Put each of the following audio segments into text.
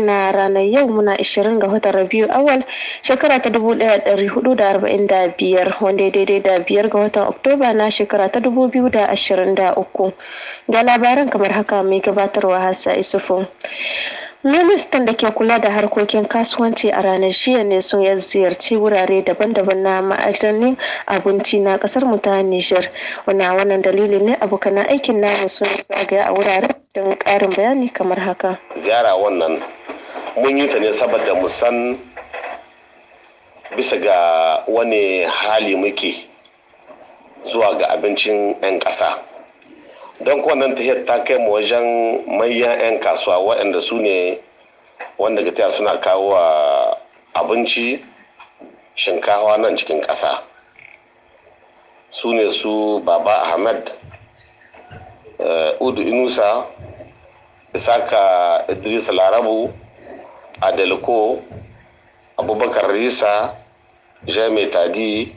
na ranar yau muna 20 ga watan Rabiu awal shekara ta 1445 wanda ya daidai da biyar ga watan Oktoba na shekara ta 2023. Ga labaran kamar haka mai gabatarwa Hassa Isufu. ministan da ke kula da harkokin kasuwanci a ranar jiya ne sun ya ziyarci wurare daban-daban na ma'aikatannin abinci na kasar mu ta nijar wani wannan dalili ne abokan aikin namu sun zagaya a wuraren don karin bayani kamar haka ziyara wannan mun yi ta ne saboda mu san bisa ga wani hali muke zuwa ga abincin 'yan ƙasa don kwanan tahiyar ta kai mu wajen manyan 'yan kasuwa waɗanda su ne wanda ga suna kawo abinci shinkawa nan cikin ƙasa su ne su baba ahmed eh, udu inusa isaka idris larabu adelko abubakar risa jami tadi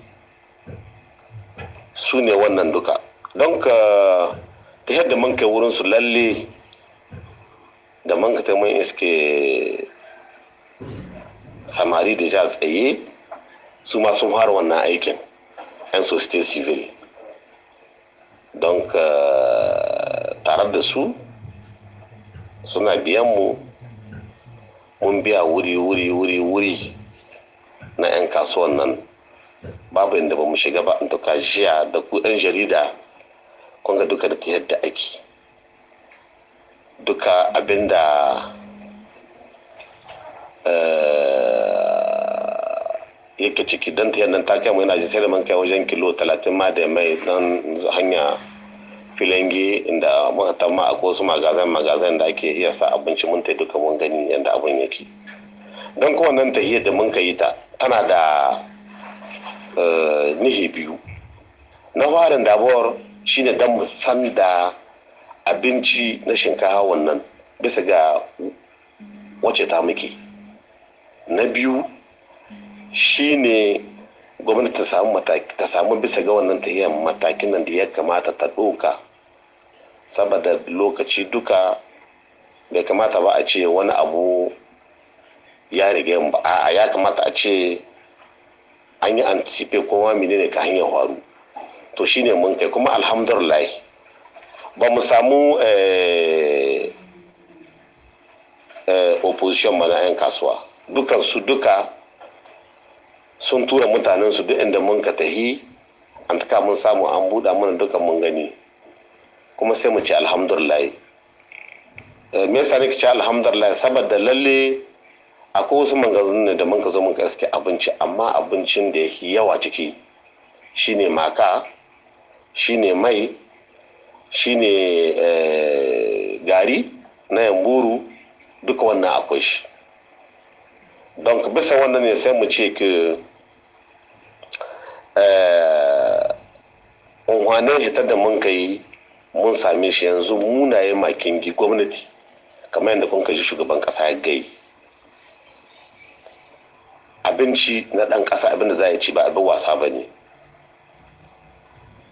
su ne wannan duka don ka ta yadda man kai wurin su lalle da man kai mai iske samari da ja tsaye su ma sun fara wannan aikin yan state civil don ka tare da su suna biyan mu mun biya wuri wuri wuri wuri na 'yan kasuwan nan babu inda ba mu shiga ba in jiya da ku 'yan jarida kunga duka da da ake duka abinda eh, yake ciki don ta nan ta kai mai naji sai da man kai wajen kilo 30 ma da mai don hanya filangi inda muka tamma a wasu magazan magazan da ake iya sa abinci mun tai duka mun gani yadda abin yake don kuma nan tahiyar da mun ka yi ta tana da eh, nihi biyu na farin dabuwar shine don mu san da abinci na shinkawa wannan bisa ga wacce ta muke na biyu shine gwamnati ta samu ta samu bisa ga wannan ta tahiyar matakin nan da ya kamata ta ɗauka, saboda lokaci duka bai kamata ba a ce wani abu ya rige ba a ya kamata a ce an yi anticipe kowa menene ka hanyar faru to shine mun kai kuma alhamdulillah ba mu samu eh, eh, opposition mana 'yan kasuwa dukansu duka sun tura mutanensu duk inda mun ka tahi an taka mun samu an buɗa mana duka mun gani kuma sai mu ci alhamdulillah eh, me yasa nake ci alhamdulillah saboda lalle akwai wasu mangazonin ne da mun ka zo mun ka iske abinci amma abincin da yawa ciki shine maka shine mai shine eh, gari na yamburu duka wannan akwai shi don bisa wannan ne sai mu ce ke eh, unhwanin ita da mun kai mun same shi yanzu munaye makingi gwamnati kamar yadda kun kashi shugaban kasa ya gai abinci na ɗan ƙasa abinda za a ci ba abin wasa ba ne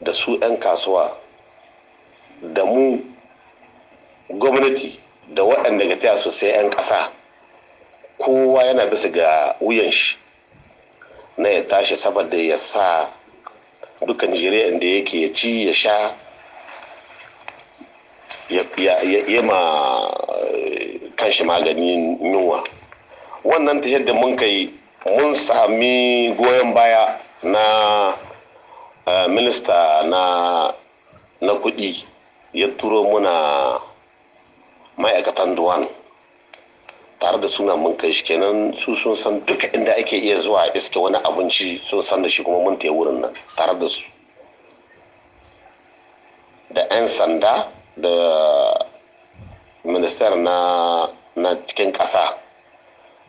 da su 'yan kasuwa da mu gwamnati da waɗanda ga taya sosai 'yan ƙasa kowa yana bisa ga wuyan shi na ya tashi saboda ya sa duka nigeria da yake ya ci ya sha ya ma eh, kanshi maganin yunwa wannan ta yadda mun kai mun sami goyon baya na Eh, minista na na kuɗi ya turo muna ma'aikatan duwan tare da suna mun kai shi kenan su sun san duka inda ake iya zuwa iske wani abinci sun san da shi kuma mun taya wurin nan tare da su da 'yan sanda da minister na na cikin ƙasa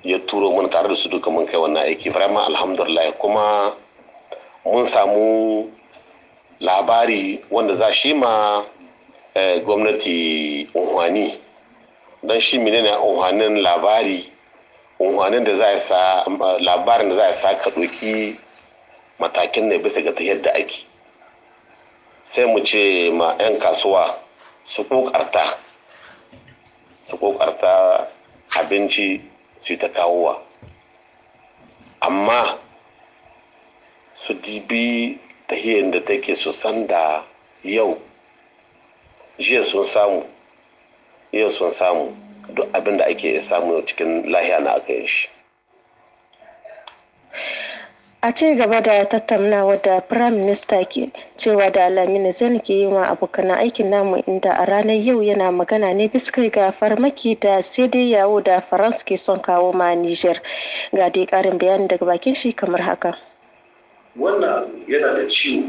ya turo mun tare da su duka mun kai wannan aiki vraiment alhamdulillah kuma mun samu labari wanda za shi ma eh, gwamnati unhwani don shi ne unhwanin labari unhwanin da za a sa labarin da za a sa ka ɗoki matakin ne bisa ga ta yadda ake sai mu ce ma 'yan kasuwa su kokarta su kokarta abinci su ta kawowa amma su dibi tahiyar da take su sanda yau jiya sun samu yau sun samu duk abin da ake samu cikin lahiya na aka yin shi a ce gaba da tattaunawa da prime minister ke cewa da alamini zan ke yi wa abokan aikin namu inda a ranar yau yana magana ne biskai ga farmaki da sai dai yawo da faransa ke son kawo ma niger ga dai karin bayani daga bakin shi kamar haka wannan yana da ciwo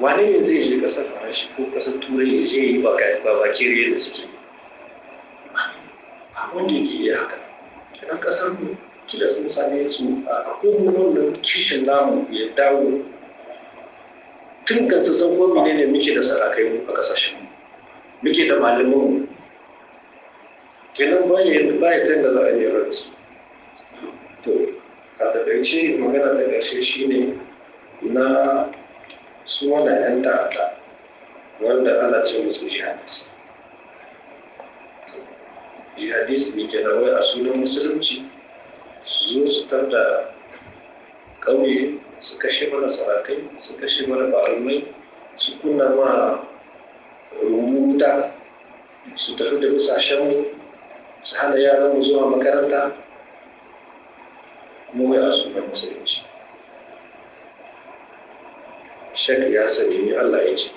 wane ne zai je ƙasar farashi ko ƙasar turai ya je yi ba bakere da suke a wanda yake yi haka idan ƙasar mu kila sun same su a kogon wannan kishin namu ya dawo tun kan su san ko ne muke da sarakai mu a ƙasashen mu muke da malaman mu kenan bayan yadda baya za a yi su to a takaice magana da ƙarshe shine na su wani 'yan ta'ada wanda ana ce musu jihadis jihadis ne ke a sunan musulunci su zo su tar da ƙauye su kashe mana sarakai su kashe mana barumai su kunna ma rumuta su tafi da bisashenmu su hana yaranmu zuwa makaranta Mu ya su musulunci shek ya sani ne Allah ya ce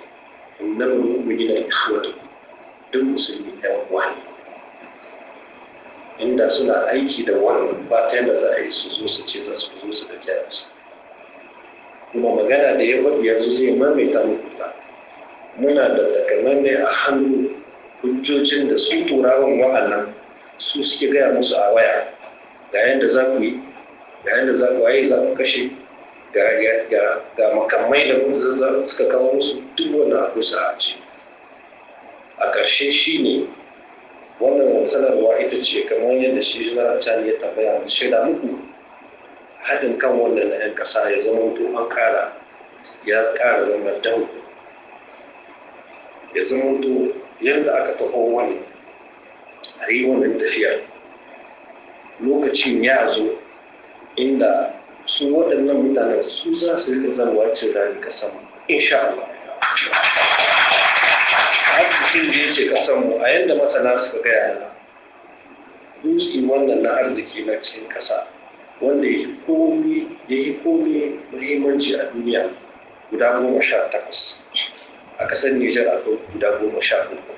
innal mu'minina ikhwatu duk musulmi ɗan wani inda suna aiki da wani ba ta yadda za a yi su zo su ce za su zo su da kyawarsu kuma magana da ya faɗi yanzu zai maimaita muku ta muna da ne a hannu hujjojin da su turawan wa'annan su suke gaya musu a waya ga yadda za ku yi yayin da za waye za ku kashe ga makamai da suka kawo musu duk wani abu sa a a ƙarshe shi ne wannan sanarwa ita ce kamar yadda shi na can ya tambaya da shaida muku haɗin kan wannan na 'yan ƙasa ya zama to an ƙara ya ƙara zama dan ya zama to yadda aka taɓo wani a yi wannan tafiya lokacin ya zo inda su waɗannan mutanen su za su rika zarwa rani ƙasar mu insha Allah arzikin da yake ƙasar mu a yadda masana suka gaya na dutse wannan na arziki na cikin ƙasa wanda ya yi komi muhimmanci a duniya guda goma sha takwas a ƙasar Nijar akwai guda goma sha uku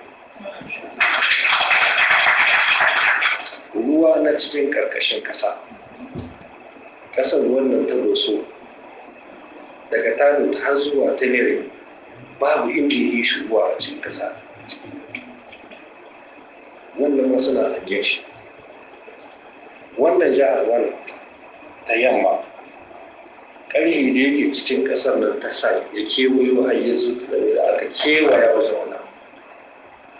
ruwa na cikin ƙarƙashin ƙasa ƙasar wannan ta doso daga tano har zuwa ta mere babu inda yi shuguwa a cikin ƙasa wannan ma suna hangen shi wannan jihar wani ta yamma ƙarfi da yake cikin ƙasar nan ta sa ya kewayo a yanzu da aka kewaya wa zauna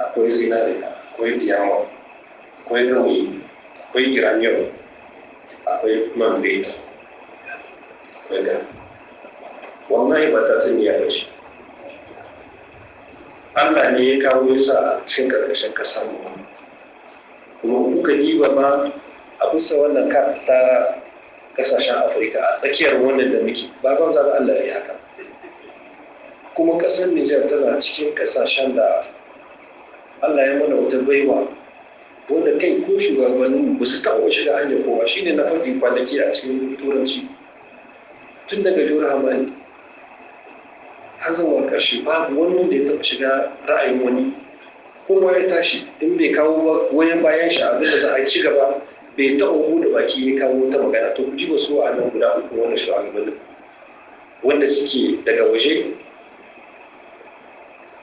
akwai zinari, akwai diyama akwai nauyi akwai giramiyar akwai man beta Wannan ya wallahi ba ta sani ya Allah ne ya kawo yasa a cikin ƙarƙashin ƙasa mu kuma kuka diba ma a bisa wannan kat ta ƙasashen Afirka a tsakiyar wannan da muke ba ban zaɓi Allah ya yi haka kuma ƙasar Nijar tana cikin ƙasashen da Allah ya mana wata baiwa wanda kai ko shugabannin ba su taɓa shiga hanyar kowa shine na faɗi kwanaki a cikin turanci tun daga jura hamani har zuwa ƙarshe babu wani da ya taɓa shiga ra'ayin wani kowa ya tashi in bai kawo wayan bayan shi abin da za a ci gaba bai taɓa da baki ya kawo ta magana to ji wasu a nan guda uku wani shugabannin wanda suke daga waje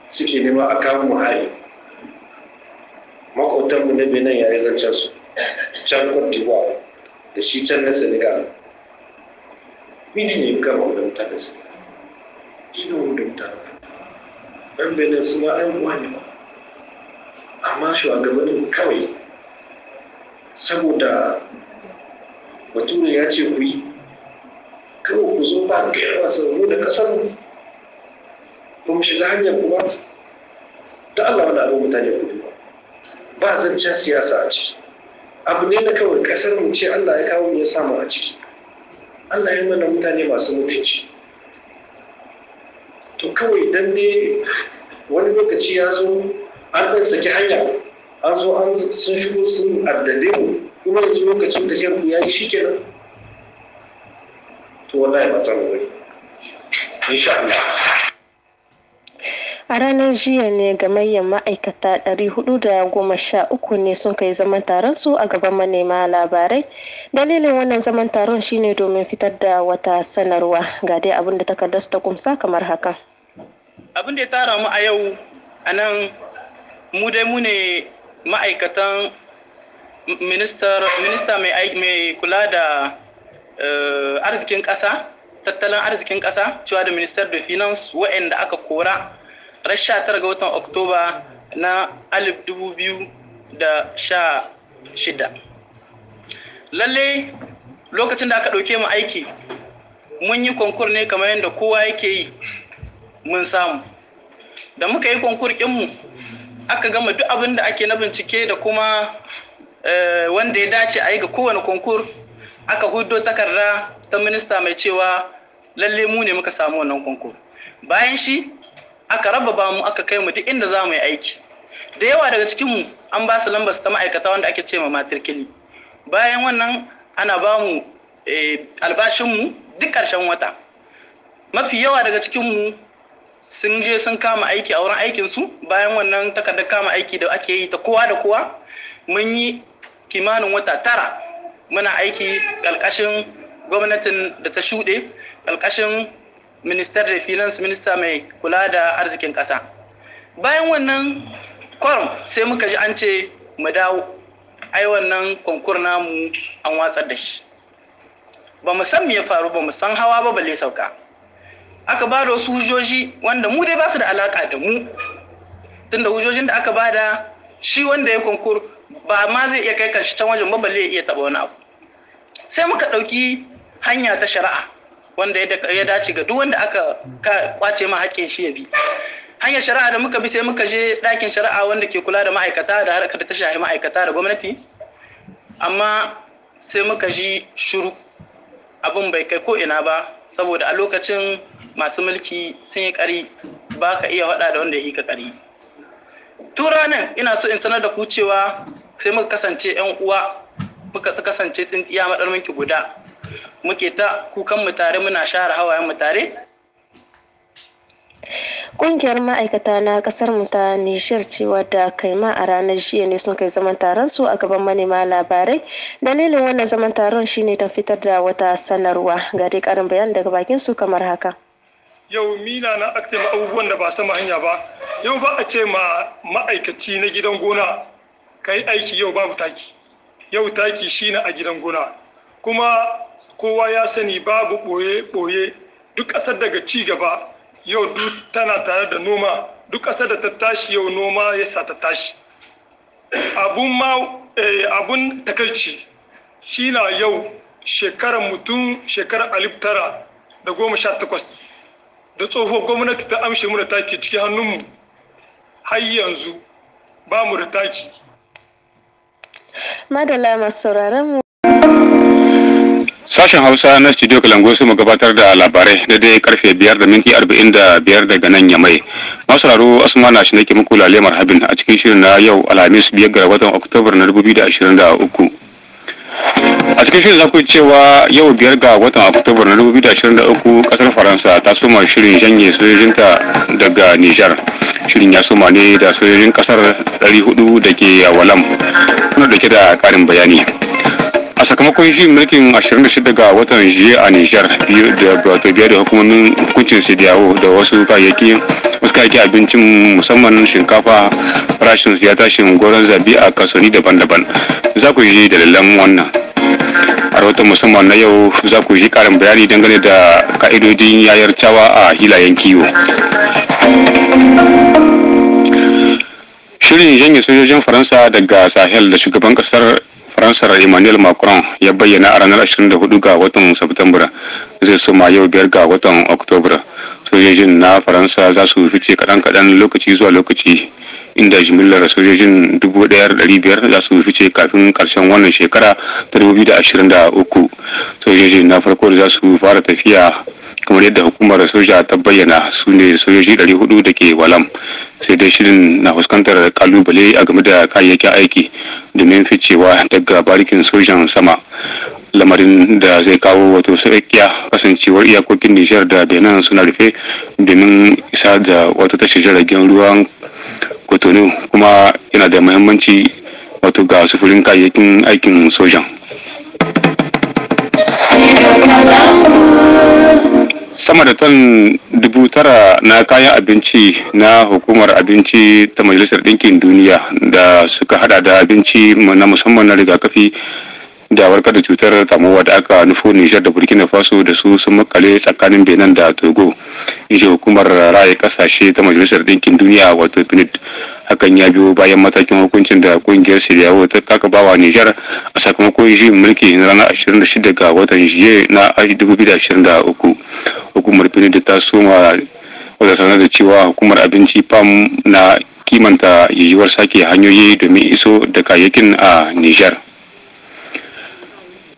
suke nema a kawo mu hari mu na benin ya yi zancen su can cote da shi can na senegal ವಿನಿಮಯವಾದಂತಹ ಇದು ಉಂಟುಂಟಾಗ ɓangaren su ma ɗan uwa ne amma shugabannin kawai saboda bature ya ce ku yi kawai ku zo ba ga yawa sauro da ƙasar ba mu shiga hanyar kuma da Allah wani abin mutane ku ba. ba zancen siyasa a ciki abu ne na kawai ƙasar mu ce Allah ya kawo mu ya samu a ciki Allah ya mana mutane masu mutunci to kawai dan dai wani lokaci ya zo an ɗan saki hanya an zo an sun shigo sun addade mu kuma yanzu lokacin da ku ya yi shi to wallahi ba samu wani insha Allah A ranar jiya ne gamayyar ma'aikata ɗari da goma sha uku ne sun kai zaman taron su a gaban manema labarai. Dalilin wannan zaman taron shine domin fitar da wata sanarwa ga dai abin da takardar ta kumsa kamar haka. Abin da ya tara mu a yau a nan mu dai mu ne ma'aikatan minista mai kula da eh, arzikin ƙasa tattalin arzikin ƙasa cewa da minister da finance waɗanda aka kora rasha tara ga watan oktoba na alif dubu da sha shida lalle lokacin da aka ɗauke mu aiki mun yi konkur ne kamar yadda kowa yake yi mun samu da muka yi konkur mu aka gama duk abin da ake na bincike da kuma eh, wanda ya dace a yi ga kowane konkur aka hudo takarda ta minista mai cewa lalle mu ne muka samu wannan konkur bayan shi aka rababa mu aka kai mu duk inda za mu yi aiki da yawa daga cikin mu an ba su lambar ta ma'aikata wanda ake ce ma matrikili bayan wannan ana ba mu eh, albashin mu duk karshen wata mafi yawa daga cikin mu sun je sun kama aiki a wurin aikin su bayan wannan takardar kama aiki da ake yi ta kowa da kowa mun yi kimanin wata tara muna aiki ƙalƙashin gwamnatin da ta shuɗe ƙalƙashin minister da finance minister mai kula da arzikin ƙasa bayan wannan kwarm sai muka ji an ce mu dawo ai wannan konkur namu an watsar da shi ba mu san me ya faru ba mu san hawa ba balle sauka aka ba da wasu hujjoji wanda mu dai ba su da alaka da mu tunda hujjojin da aka ba da shi wanda ya konkur ba ma zai iya kai kanshi can wajen ba balle ya iya taba wani abu sai muka ɗauki hanya ta shari'a wanda ya dace ga duk wanda aka kwace ma haƙƙin shi ya bi hanyar shari'a da muka bi sai muka je ɗakin shari'a wanda ke kula da ma'aikata da harkar ta shahi ma'aikata da gwamnati amma sai muka ji shuru abin bai kai ko ina ba saboda a lokacin masu mulki sun yi ƙari ba ka iya haɗa da wanda ya yi ka ƙari tura nan ina so in sanar da ku cewa sai muka kasance 'yan uwa muka kasance tsintsiya maɗarminki guda muke ta kukan mu tare muna share hawayen mu tare Ƙungiyar ma'aikata na ƙasar mu ta Nishir cewa da kaima a ranar jiya ne sun kai zaman taron su a gaban manema labarai. Dalilin wannan zaman taron shine ta fitar da wata sanarwa ga dai ƙarin bayan daga bakin su kamar haka. Yau mina na aktin abubuwan da ba sama hanya ba. Yau ba a ce ma ma'aikaci na gidan gona ka aiki yau babu taki. Yau taki shine a gidan gona. Kuma kowa ya sani babu ɓoye-ɓoye duk ƙasar daga ci gaba yau duk tana tare da noma duk ƙasar da ta tashi yau noma ya sa ta tashi abun ma eh, abun takaici shi na yau shekarar mutum shekarar alif tara da goma sha takwas da tsohuwar gwamnati ta amshe mu da taki cikin hannunmu har yanzu ba mu da taki madala masu sauraron mu Sashen Hausa na Studio Kalango su mu gabatar da labarai da dai karfe biyar da minti arba'in da biyar daga nan ya mai. Masu raro Asma na shi nake muku lalle marhabin a cikin shirin na yau Alhamis biyar ga watan Oktobar na dubu biyu da ashirin da uku. a cikin shirin za ku cewa yau biyar ga watan oktoba na 2023 kasar faransa ta soma shirin janye sojojinta daga nijar shirin ya soma ne da sojojin kasar 400 da ke walam kuna ke da karin bayani a sakamakon shi mulkin 26 ga watan jiya a nijar da biyar da hukumomin hukuncin sidiyawo da wasu kayayyaki wasu kayayyaki abincin musamman shinkafa farashin ya tashi goron zabi a kasuwanni daban-daban za ku yi dalilan wannan a rahoton musamman na yau za ku yi karin bayani dangane da ka'idodin yayar cawa a hilayen kiwo shirin janye sojojin faransa daga sahel da shugaban kasar faransar emmanuel macron ya bayyana a ranar 24 ga watan september zai suma yau biyar ga watan oktobar sojojin na faransa za su fice kaɗan-kaɗan lokaci zuwa lokaci inda jimillar sojojin 1,500 za su fice kafin karshen wannan shekara ta 2023 sojojin na farko da za su fara tafiya kamar yadda hukumar soja ta bayyana su ne sojoji 400 da ke walam sai dai shirin na fuskantar kalubale a game da kayayyakin aiki domin ficewa daga barikin sojan sama lamarin da zai kawo wato sauƙiya kasancewar iyakokin nijar da benin suna rufe domin isa da wata tashar jiragen ruwan kotonu kuma yana da muhimmanci wato ga sufurin kayayyakin aikin sojan. sama da ton dubu tara na kayan abinci na hukumar abinci ta majalisar ɗinkin duniya da suka hada da abinci na musamman na rigakafi da warkar da cutar kamuwa da aka nufo nijar da burkina faso da su sun makale tsakanin benin da togo in hukumar raye kasashe ta majalisar ɗinkin duniya wato pinid hakan ya biyo bayan matakin hukuncin da kungiyar siriyawo ta kakabawa nijar a sakamakon juyin mulki na ranar 26 ga watan jiye na 2023 hukumar da ta soma wadda sanar da cewa hukumar abinci pam na kimanta yiwuwar sake hanyoyi domin iso da kayayyakin a nijar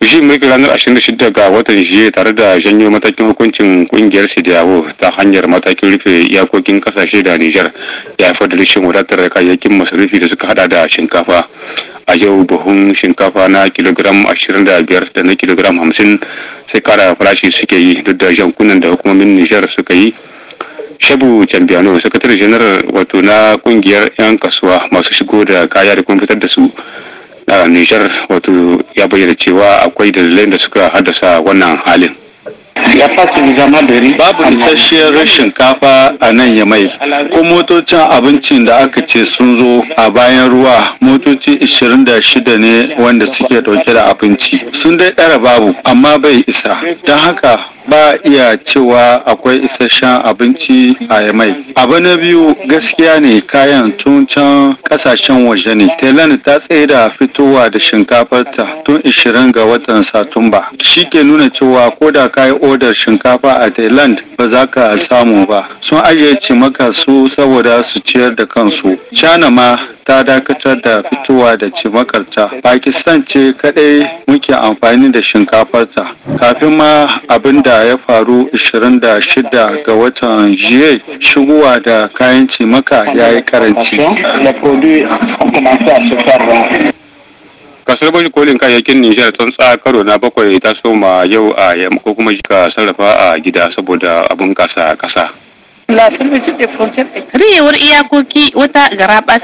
Bishin mulki ranar 26 ga watan Jiye tare da janyo matakin hukuncin kungiyar Sidiyawo ta hanyar matakin rufe iyakokin kasashe da Nijar ya haifar da rashin wadatar kayayyakin masarufi da suka hada da shinkafa. A yau buhun shinkafa na kilogram 25 da na kilogram 50 sai kara farashi suke yi duk da jankunan da hukumomin Nijar suka yi. Shabu Cambiano, sakatare janar wato na kungiyar 'yan kasuwa masu shigo da kaya da kuma fitar da su Nijar wato ya bayyana cewa akwai dalilan da suka haddasa wannan halin. Babu isasshiyar shinkafa a nan ya mai, ko motocin abincin da aka ce sun zo a bayan ruwa motoci shida ne wanda suke dauke da abinci. Sun dai ɗara babu, amma bai isa, don haka ba iya cewa akwai isasshen abinci a yamai abu na biyu gaskiya ne kayan tun can kasashen waje ne thailand ta tsaye da fitowa da shinkafarta tun 20 ga watan satumba shi ke nuna cewa ko da kayi odar shinkafa a thailand ba za ka samu ba sun ajiye ce maka su saboda su ciyar da kansu china ma ta dakatar da fitowa da cimakarta pakistan ce kadai muke amfani da shinkafarta kafin ma abin da ya faru 26 ga watan jiye shigowa da kayan cimaka ya yi karanci kasar bashi kolin kayayyakin nijar tsantsa karo na bakwai ta soma yau a yamma ko kuma ka sarrafa a gida saboda abin kasa kasa Riyewar iyakoki wata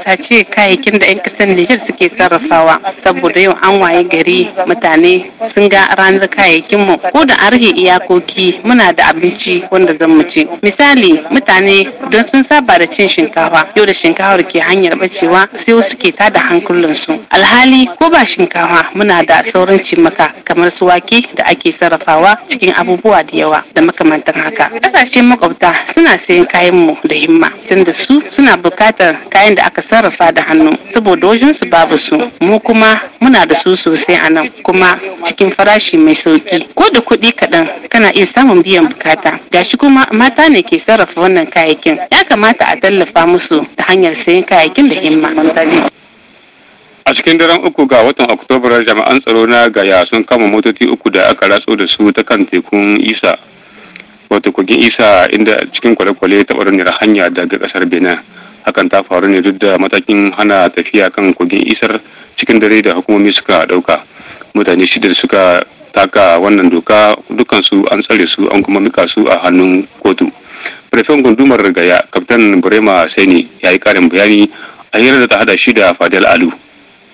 sa ce kayayyakin da 'yan kasar Nijar suke sarrafawa saboda yau an waye gari mutane sun ga ranar kayayyakin mu ko da an rage iyakoki muna da abinci wanda zan mu ci. Misali mutane don sun saba da cin shinkafa yau da shinkafar ke hanyar bacewa sai wasu ke tada hankulansu. Alhali ko ba shinkafa muna da sauran cimaka kamar su wake da ake sarrafawa cikin abubuwa da yawa da makamantan haka. Ƙasashen makwabta suna sai sayan kayan mu da himma tunda su suna bukatar kayan da aka sarrafa da hannu saboda wajen su babu su mu kuma muna da su sosai a nan kuma cikin farashi mai sauki ko da kuɗi kaɗan kana iya samun biyan bukata gashi kuma mata ne ke sarrafa wannan kayayyakin ya kamata a tallafa musu ta hanyar sayan kayayyakin da himma a cikin daren uku ga watan oktobar jami'an tsaro na gaya sun kama motoci uku da aka ratso da su ta kan tekun isa wato kogin isa inda cikin kwale-kwale ta barniyar hanya daga kasar benin hakan ta faru ne duk da matakin hana tafiya kan kogin isar cikin dare da hukumomi suka dauka mutane shida suka taka wannan doka dukansu an tsare su an kuma mika su a hannun kotu prefen gundumar gaya kaftan burema seni ya yi karin bayani a hirar da ta hada shi da fadel alu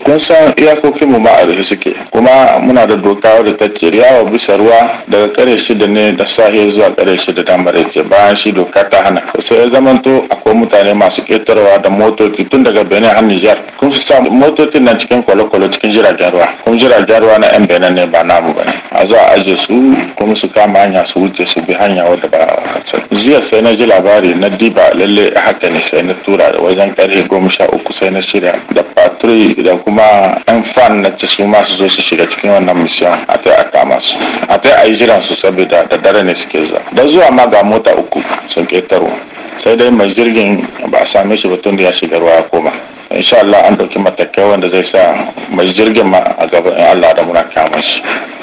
kun san iyakokinmu ma a rufe suke kuma muna da doka wadda ta ce yawo bisa ruwa daga kare shida ne da sahiya zuwa kare shida da maraice bayan shi doka ta hana sai ya zamanto akwai mutane masu ketarwa da motoci tun daga benin har nijar kun su sa motocin nan cikin kwalokwalo cikin jiragen ruwa kuma jiragen ruwa na yan benin ne ba namu ba a za a aje su kuma su kama hanya su wuce su bi hanya wadda ba a san jiya sai na ji labari na diba lalle haka ne sai na tura wajen karfe goma sha uku sai na shirya da patrol da kuma kuma yan fan na ci su masu zo su shiga cikin wannan mission a ta a kama su a ta a yi jiran su saboda da dare ne suke zuwa da zuwa ma ga mota uku sun ketaro sai dai mai jirgin ba a same shi ba tun da ya shiga ruwa ya koma insha Allah an dauki matakai wanda zai sa mai jirgin ma a gaban Allah da muna kama shi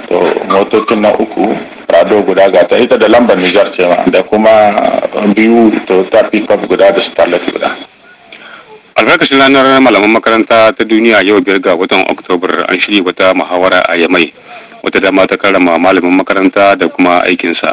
to motokin na uku rado guda ga ta ita da lambar Nijar ce ma da kuma biyu to ta pickup guda da starlet guda albarkacin ranar malaman makaranta ta duniya yau biyar ga watan oktobar an shirya wata muhawara a yamai wata dama ta karama malamin makaranta da kuma aikinsa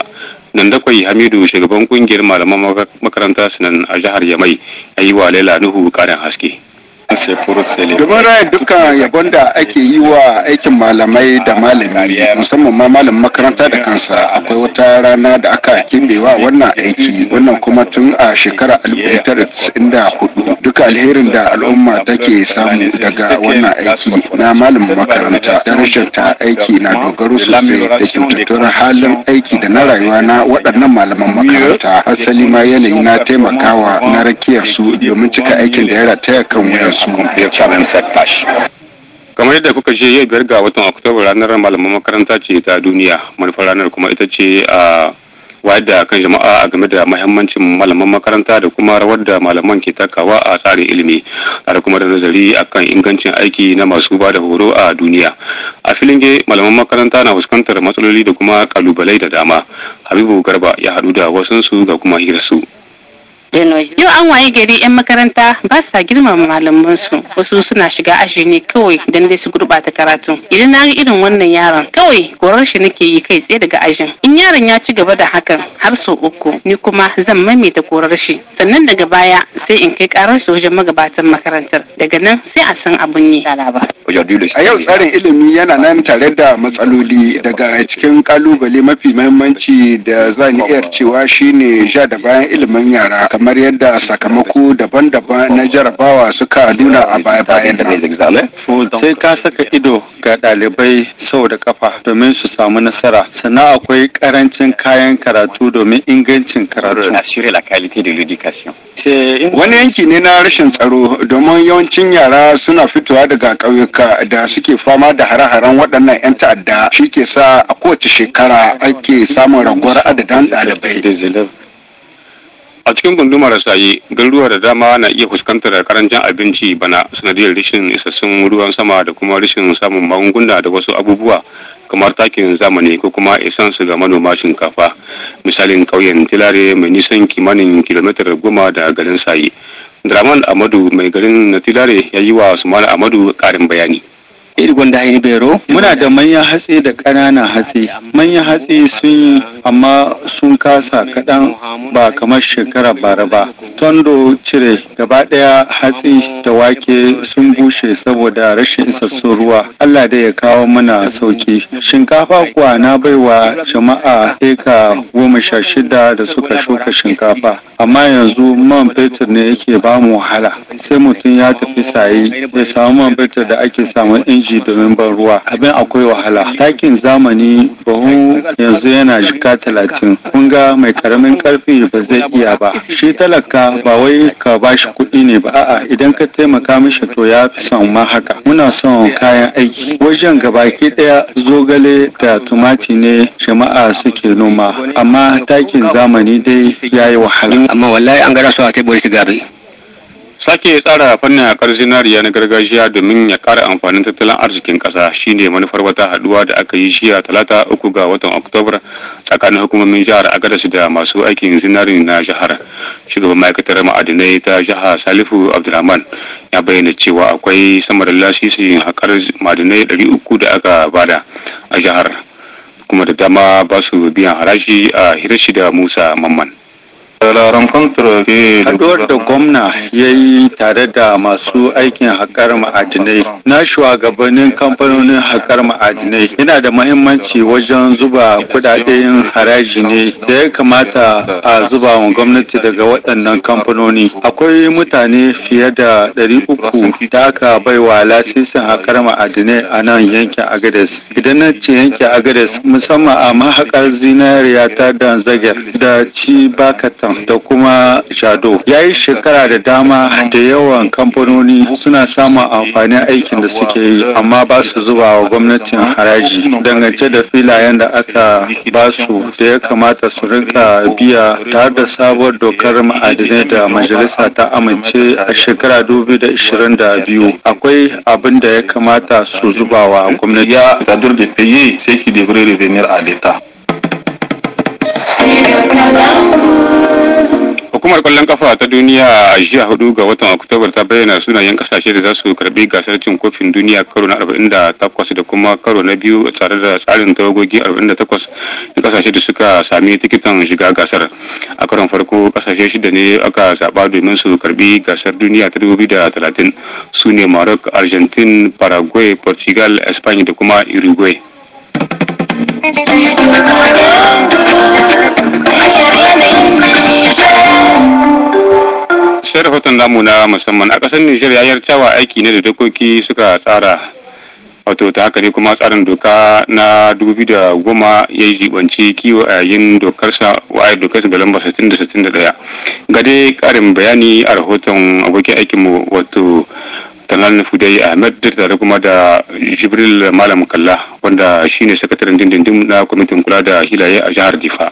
nan dakwai hamidu shugaban kungiyar malaman makaranta sinan a jihar yamai ya yi wa laila nuhu karin haske domin raya dukkan yabon da ake yi wa aikin malamai da malami musamman ma malamin makaranta da kansa akwai wata rana da aka kimbewa wannan aiki wannan kuma tun a shekara 1994 duka alherin da al'umma take samu daga wannan aiki na malamin makaranta darajar ta aiki na dogaro sosai da kyautattun halin aiki da na rayuwa na waɗannan malaman makaranta asali ma yanayi na taimakawa na rakiyar su domin cika aikin da ya rataya kan wayar su ya kamar yadda kuka ce yau biyar ga watan oktoba ranar malaman makaranta ce ta duniya manufar ranar kuma ita ce a wayar da kan jama'a a game da mahimmancin malaman makaranta da kuma rawar da malaman ke takawa a tsarin ilimi tare kuma da nazari akan ingancin aiki na masu ba da horo a duniya a filin ge malaman makaranta na fuskantar matsaloli da kuma kalubalai da dama habibu garba ya haɗu da wasansu ga kuma hirarsu. Yau an waye gari 'yan makaranta ba sa girmama malamansu wasu suna shiga aji ne kawai don dai su gurɓata karatu. Idan na ga irin wannan yaron kawai korar shi nake yi kai tsaye daga ajin. In yaron ya ci gaba da hakan har so uku ni kuma zan maimaita korar shi. Sannan daga baya sai in kai karar shi wajen magabatan makarantar. Daga nan sai a san abun yi. A yau tsarin ilimi yana nan tare da matsaloli daga cikin kalubale mafi mahimmanci da zan iya cewa shine ja da bayan ilimin yara kamar kamar yadda sakamako daban-daban na jarabawa suka nuna a baya-bayan nan. Sai ka saka ido ga ɗalibai sau da kafa domin su samu nasara. Sannan akwai karancin kayan karatu domin ingancin karatu. Wani yanki ne na rashin tsaro domin yawancin yara suna fitowa daga ƙauyuka da suke fama da hare-haren waɗannan 'yan ta'adda shi ke sa a kowace shekara ake samun raguwar adadin ɗalibai. a cikin gundumar saye garuruwa da dama na iya fuskantar karancin abinci bana sanadiyar rashin isassun ruwan sama da kuma rashin samun magunguna da wasu abubuwa kamar takin zamani ko kuma su ga manoma shinkafa misalin ƙauyen tilare mai nisan kimanin kilomitar goma da garin saye draman amadu mai garin na tilare ya yi wa su amadu ƙarin bayani iri gwanda bero muna da manyan hatsi da ƙananan hatsi manyan hatsi sun amma sun kasa kaɗan ba kamar shekara bara ba tondo cire gaba ɗaya hatsi da wake sun bushe saboda rashin isassun ruwa allah dai ya kawo mana sauki shinkafa kuwa na baiwa jama'a eka goma sha shida da suka shuka shinkafa amma yanzu man fetur ne yake ba mu wahala sai mutum ya tafi sayi ya samu man fetur da ake samun inji domin ban ruwa abin akwai wahala takin zamani bahu yanzu yana jika talatin kun ga mai karamin karfi ba zai iya ba shi talaka ba wai ka ba shi kuɗi ne ba a'a idan ka taimaka mishi to ya fi son ma haka muna son kayan aiki wajen gaba gabaki ɗaya zogale da tumati ne jama'a suke noma amma takin zamani dai ya yi wahala amma wallahi an gara su a su gabe. Sake tsara fannin yakar zinariya na gargajiya domin ya ƙara amfanin tattalin arzikin ƙasa shine manufar wata haɗuwa da aka yi shiya talata uku ga watan Oktobar tsakanin hukumomin jihar Agadas da masu aikin zinari na jihar. Shugaban ma'aikatar ma'adinai ta jihar Salifu Abdulrahman ya bayyana cewa akwai sama da lasisin haƙar ma'adinai ɗari uku da aka bada a jihar kuma da dama ba su biyan harashi a Hirashi da Musa Mamman. Haduwar da gwamna ya yi tare da masu aikin haƙar ma'adinai na shugabannin kamfanonin haƙar ma'adinai yana da mahimmanci wajen zuba kudaden haraji ne da ya kamata a zuba wa gwamnati daga waɗannan kamfanoni. Akwai mutane fiye da ɗari uku da aka bai wa lasisin haƙar ma'adinai a nan yankin Agades. Idan na ce yankin Agades musamman a mahaƙar zinariya ta Danzagar da ci bakatan da kuma shado Ya yi shekara da dama da yawan kamfanoni suna samun amfanin aikin da suke yi amma ba su zuba wa gwamnatin haraji dangance da filayen da aka ba su da ya kamata su rinka biya tare da sabuwar dokar ma'adinai da majalisa ta amince a shekara 2022 akwai abin da ya kamata su zuba wa gwamnati. Ya you. a Hukumar kwallon kafa ta duniya a jiya hudu ga watan Oktoba ta bayyana sunayen kasashe da za su karbi gasar cin kofin duniya karo na 48 da kuma karo na biyu tare da tsarin tawagogi 48 na kasashe da suka sami tikitan shiga gasar. A karon farko kasashe shida ne aka zaba domin su karbi gasar duniya ta dubu talatin su ne Maroc, Argentine, Paraguay, Portugal, Spain da kuma Uruguay. sai rahoton namu na musamman a kasar Nijar yayar cewa aiki ne da dokoki suka tsara wato ta haka ne kuma tsarin doka na goma ya yi jibanci kiwo a yayin dokarsa wa'ayi dokarsa da lamba 60-61 ga dai ƙarin bayani a rahoton abokin aikinmu wato talan fudai ahmed tare kuma da jibril malam kalla wanda shine sakataren dindindin na kwamitin kula da hilaye a jihar difa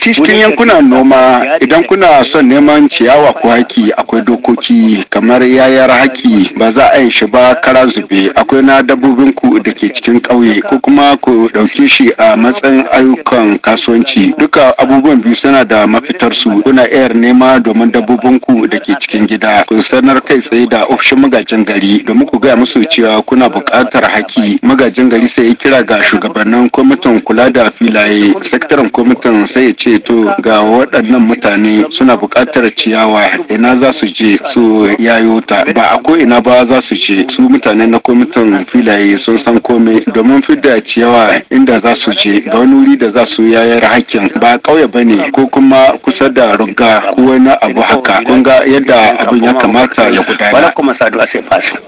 cikin yankunan noma idan kuna son neman ciyawa ko haki akwai dokoki kamar yayar haki ba za a yi shi ba kara zube akwai na dabbobin ku da ke cikin ƙauye ko kuma ku ɗauke shi a matsayin ayyukan kasuwanci duka abubuwan biyu suna da mafitar su kuna iya nema domin dabbobin ku da ke cikin gida ku sanar kai tsaye da ofishin magajin gari domin ku gaya musu cewa kuna buƙatar haki magajin gari sai ya kira ga shugabannin kwamitin kula da filaye sektar rahoton kwamitin sai ya ce to ga waɗannan mutane suna buƙatar ciyawa ina za su je su yayo ta ba a ko ina ba za su je su mutane na kwamitin filaye sun san kome domin fidda ciyawa inda za su je ga wani wuri da za su yayar hakkin ba ƙauye ba ne ko kuma kusa da rugga ko wani abu haka kun ga yadda abin ya kamata ya gudana.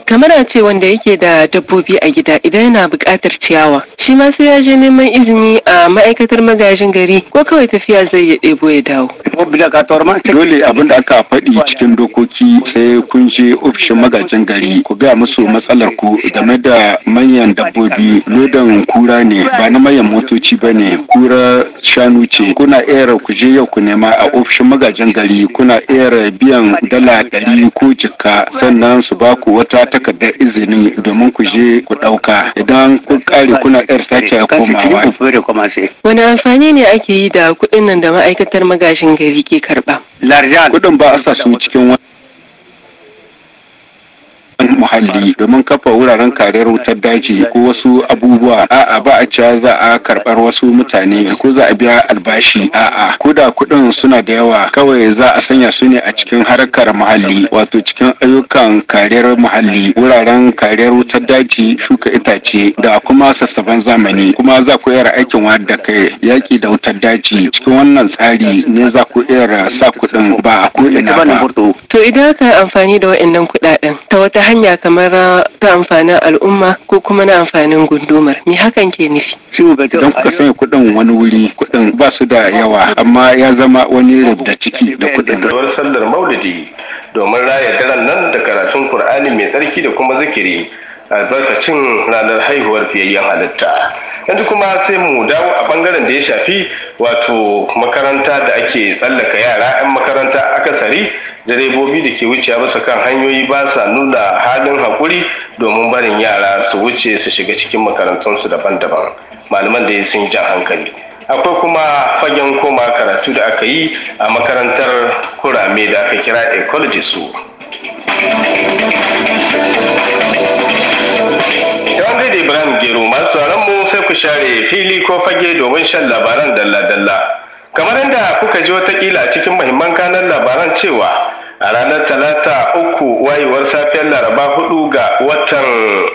kamar a ce wanda yake da dabbobi a gida idan yana buƙatar ciyawa shi ma sai ya je neman izini a ma'aikatar magajin wajen gari ko kawai tafiya zai ya ɗebo ya dawo. Dole abin da aka faɗi cikin dokoki sai kun je ofishin magajin gari ku gaya musu matsalar ku game da manyan dabbobi lodan kura ne ba na manyan motoci ba ne kura shanu ce kuna iya ku je yau ku nema a ofishin magajin gari kuna iya biyan dala ɗari ko jika sannan su ba ku wata takardar izini domin ku je ku ɗauka idan kun kare kuna iya sake komawa. Wani amfani ne ake yi da kuɗin nan da ma'aikatar magashin gari ke karɓa? Larjan kuɗin ba a sa su cikin wani. muhalli domin kafa wuraren kariyar wutar daji ko wasu abubuwa a'a ba a cewa za a karɓar wasu mutane ko za a biya albashi a'a ko da kuɗin suna da yawa kawai za a sanya su ne a cikin harkar muhalli wato cikin ayyukan kariyar muhalli wuraren kariyar wutar daji shuka itace da kuma sassaban zamani kuma za ku iya aikin da kai yaƙi da wutar daji cikin wannan tsari ne za ku iya sa kuɗin ba a ko ina ba. To idan ka amfani da waɗannan kuɗaɗen ta wata hanya kamar ta amfanin al'umma ko kuma na amfanin gundumar me hakan ke nufi don kuka sanya kuɗin wani wuri kuɗin ba su da yawa amma ya zama wani rubda ciki da kuɗin da sallar maulidi domin raya daren nan da karatun Kur'ani mai tsarki da kuma zikiri albarkacin ranar haihuwar fiyayyen halitta yanzu kuma sai mu dawo a bangaren da ya shafi wato makaranta da ake tsallaka yara 'yan makaranta akasari direbobi da ke wuce bisa kan hanyoyi ba sa nuna halin hakuri domin barin yara su wuce su shiga cikin makarantunsu daban-daban malaman da ya sun jan hankali akwai kuma fagen koma karatu da aka yi a makarantar kurame da aka kira ecology su yawan da ibrahim gero masu mu sai ku share fili ko fage domin shan labaran dalla-dalla kamar yadda kuka ji watakila a cikin mahimman kanan labaran cewa a ranar talata uku wayewar safiyar laraba hudu ga watan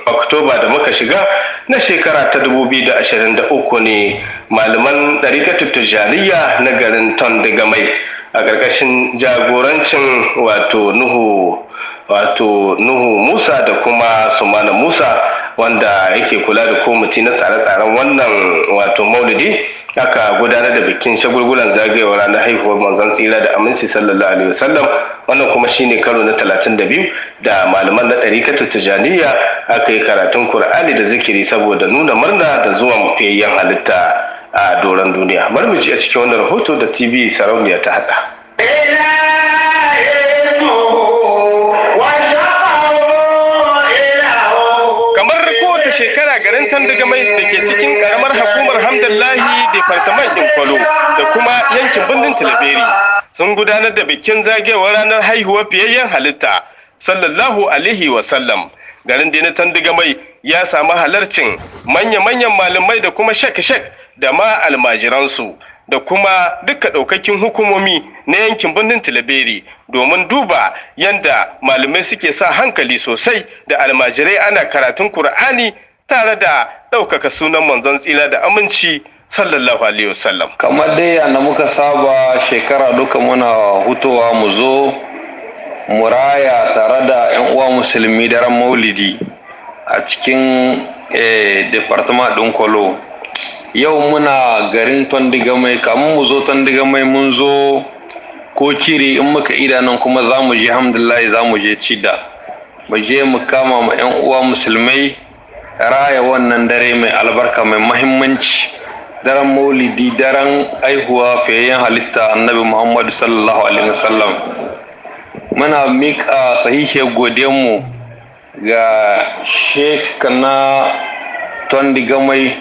oktoba da muka shiga na shekara ta da uku ne malaman ɗarikatar tijjaniya na garin ton daga mai, a ƙarƙashin jagorancin wato nuhu wato nuhu musa da kuma sumana musa wanda yake kula da komiti na tsare-tsaren wannan wato maulidi aka gudanar da bikin shagulgulan zagayowar ranar haihuwar manzon tsira da aminci sallallahu alaihi wasallam wannan kuma shine karo na 32 da malaman na ɗarikatar tijaniya aka yi karatun kur'ani da zikiri saboda nuna murna da zuwan fiyayyen halitta a doron duniya marmiji a cikin wannan rahoto da tv sarauniya ta haɗa. shekara garin Tandagamai da ke cikin karamar hukumar Hamdallahi Departement ɗin Kwalo da kuma yankin birnin Talaberi sun gudanar da bikin zagayewar ranar haihuwar fiyayyen halitta sallallahu alaihi wa sallam. Garin dina tandigamai Tandagamai ya sami halarcin manya-manyan malamai da kuma shek-shek da ma almajiransu da kuma duka ɗaukakin hukumomi na yankin birnin Tilaberi domin duba yadda malamai suke sa hankali sosai da almajirai ana karatun Kur'ani tare da ɗaukaka sunan manzon tsira da aminci sallallahu alaihi wasallam kamar dai yana muka saba shekara duka muna hutowa mu zo muraya tare da yan uwa musulmi daren maulidi a cikin eh, departement ɗin kwalo yau muna garin tondiga mai kamun mu zo tondiga mai mun zo ko kiri in muka idanan kuma za mu je hamdullahi za mu je cida mu je mu kama ma 'yan uwa musulmai raya wannan dare mai albarka mai mahimmanci daren maulidi daren aihuwa fiyayyen halitta annabi muhammadu sallallahu alaihi wasallam muna miƙa sahihiyar godiyanmu ga sheik na tondi gamai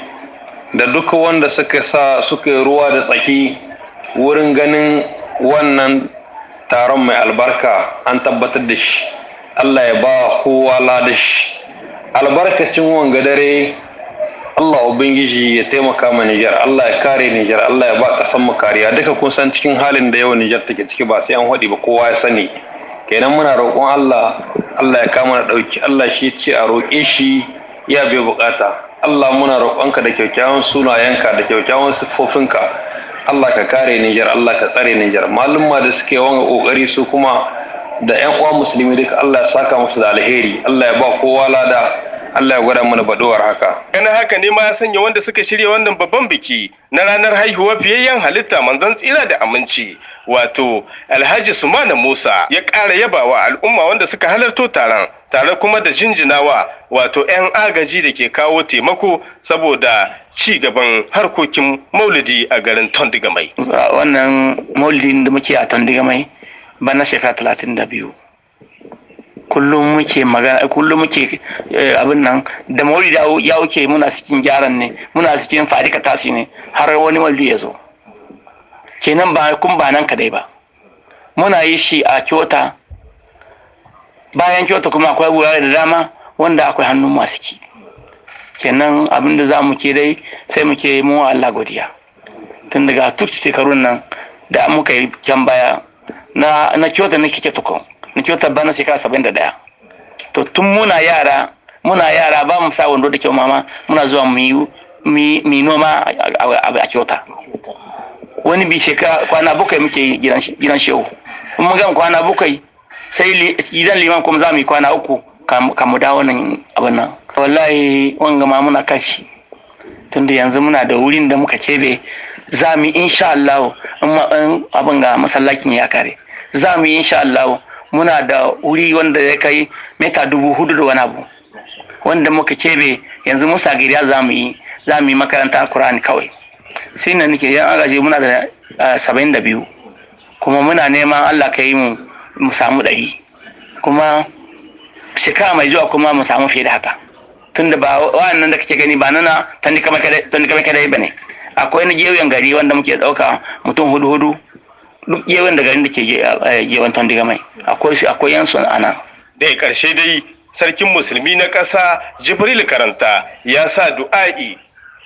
da duka wanda suka sa suka ruwa da tsaki wurin ganin wannan taron mai albarka an tabbatar da shi allah ya ba kowa ladashi albarkacin wanga dare Allah ubangiji ya taimaka ma Nijar Allah ya kare Nijar Allah ya ba kasan mu kariya duka kun san cikin halin da yau Nijar take ciki ba sai an haɗi ba kowa ya sani kenan muna roƙon Allah Allah ya kama na ɗauki Allah shi ce a roƙe shi ya bai bukata Allah muna roƙonka da kyakkyawan sunayenka da kyakkyawan siffofinka Allah ka kare Nijar Allah ka tsare Nijar malumma da suke wanga ƙoƙari su kuma da ƴan uwan musulmi duka Allah ya saka musu da alheri Allah ya ba kowa lada Allah ya gwada mana baduwar haka ganin haka ne ma ya sanya wanda suka shirya wannan babban biki na ranar haihuwar fiyayyen halitta manzon tsira da aminci wato Alhaji Sumana Musa ya ƙara yabawa al'umma wanda suka halarto taron tare kuma da jinjinawa wato 'yan agaji da ke kawo taimako saboda ci gaban harkokin maulidi a garin Tondigamai. Wannan maulidin da muke a Tondigamai bana shekara talatin da biyu kullum muke magana kullum muke eh, abin nan da mawuri da ya wuce muna cikin gyaran ne muna cikin fadika tasi ne har wani waldu ya zo kenan ba kun ba nan kadai ba muna yi shi a kyota bayan kyota kuma akwai wurare da dama wanda akwai hannun masu ki kenan abin da za mu ke dai sai muke yi mu Allah godiya tun daga tuk shekarun nan da muka yi can baya na na kyota na kike tuko na kyota bana shekara saba'in da ɗaya to tun muna yara muna yara ba mu sa wando da kyau mama muna zuwa mu yi noma a kyota wani bi shekara kwana bakwai muke gidan shehu mun gama kwana bakwai sai gidan liman kuma za mu yi kwana uku ka mu dawo nan abin nan wallahi wanga ma muna kashi tunda yanzu muna da wurin da muka kebe za mu yi Allah in abin ga masallacin ya kare za mu yi Allah muna da wuri wanda ya kai mita dubu hudu da wani abu wanda muka kebe yanzu musa giriya za mu yi za mu yi makaranta kur'ani kawai sai na nake yan agaji muna da eh, saba'in da biyu kuma muna neman allah ka yi mu samu ɗari kuma shekara mai zuwa kuma mu samu fiye da haka tunda ba wa'annan da kake gani ba nana tandika mai kadai ba ne akwai na gewen gari wanda muke ɗauka mutum hudu hudu duk gewen da garin da ke eh, gewen tondiga mai akwai shi akwai yansu a nan daga ƙarshe dai sarkin musulmi na ƙasa jibril karanta ya sa du'a'i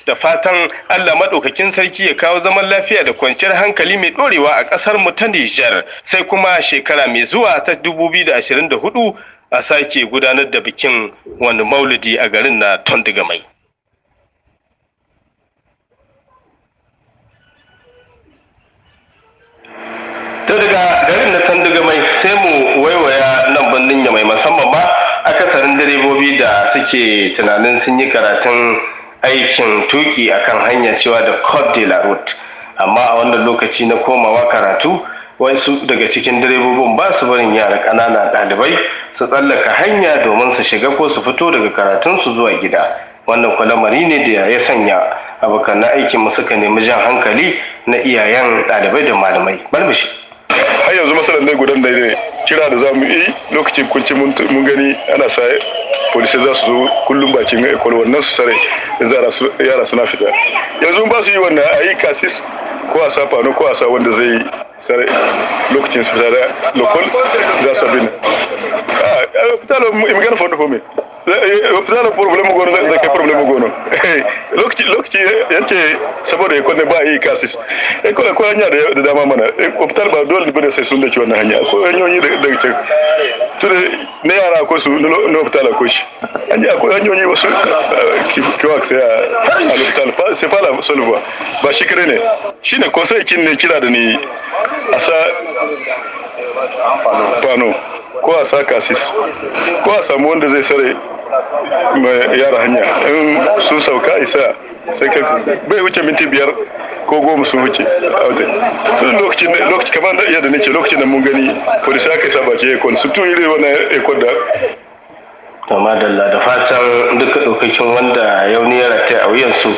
da fatan Allah maɗaukakin sarki ya kawo zaman lafiya da kwanciyar hankali mai ɗorewa a ƙasar mu ta Nijar sai kuma shekara mai zuwa ta 2024 a sake gudanar da bikin wani maulidi a garin na Tondigamai. to daga garin na tanduga mai sai mu waiwaya nan bandin ya mai musamman ba akasarin direbobi da suke tunanin sun yi karatun aikin tuki akan hanya cewa da Côte de la Route amma a wannan lokaci na komawa karatu wasu daga cikin direbobin ba su barin yara ƙanana ɗalibai su tsallaka hanya domin su shiga ko su fito daga karatunsu zuwa gida wannan kwalamari ne da ya sanya abokan mu suka nemi jan hankali na iyayen ɗalibai da malamai har yanzu masalan dai gudan ne kira da mu yi lokacin kunci mun gani ana sa polisai za su zo kullum bakin ekol wannan su sare yara suna fita yanzu ba su yi wannan a yi kasis ko a safa ko a sa wanda zai sare lokacin su fita da lokul za su bin a ah, eh, fita da imgana fondo fome fitara problem gono zai gono eh, yace saboda ko ne ba yi kasis eh, ko ko da dama mana eh, ba dole sai sun wannan hanya ko hanyoyi da ce to ne yara ko su no ko shi ko hanyoyi wasu ki a fitar fa sai ba shi kare ne shine ko sai kin ne kira da ni asa pano ko a kasis ko wanda zai sare mai yara hanya sun sauka isa sai ka bai wuce minti biyar ko goma sun wuce a lokacin kamar da yadda nake lokacin da mun gani polisi aka ekon su tun irin wannan ekon da to madalla da fatan duka dokokin wanda yau ne ya rataya a wuyansu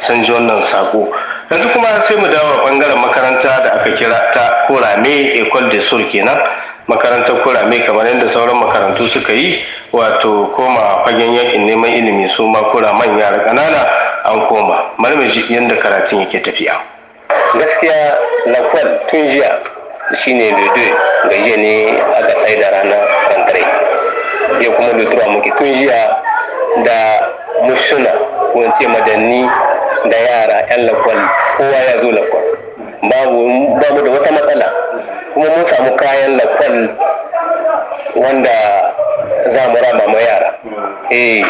sun ji wannan sako yanzu kuma sai mu dawo bangaren makaranta da aka kira ta korame ekal da sur kenan makarantar kurame kamar yadda sauran makarantu suka yi wato koma fagen yakin neman ilimi su ma kuraman yara ƙanana an koma marmaji yadda karatun yake tafiya gaskiya lakwal tun jiya shine ludo ga jiya ne aka tsaye da rana kantare ya kuma lutura muke tun jiya da mushuna ko ce madanni da yara yan lakwal kowa ya zo lakwal babu da wata matsala kuma mun samu kayan lakwal wanda za mu raba ma yara eh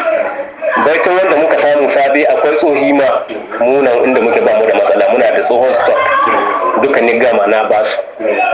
baitin wanda muka samu sabi akwai tsohi ma munan inda muke ba mu da matsala muna da tsohon stock duka ni gama na basu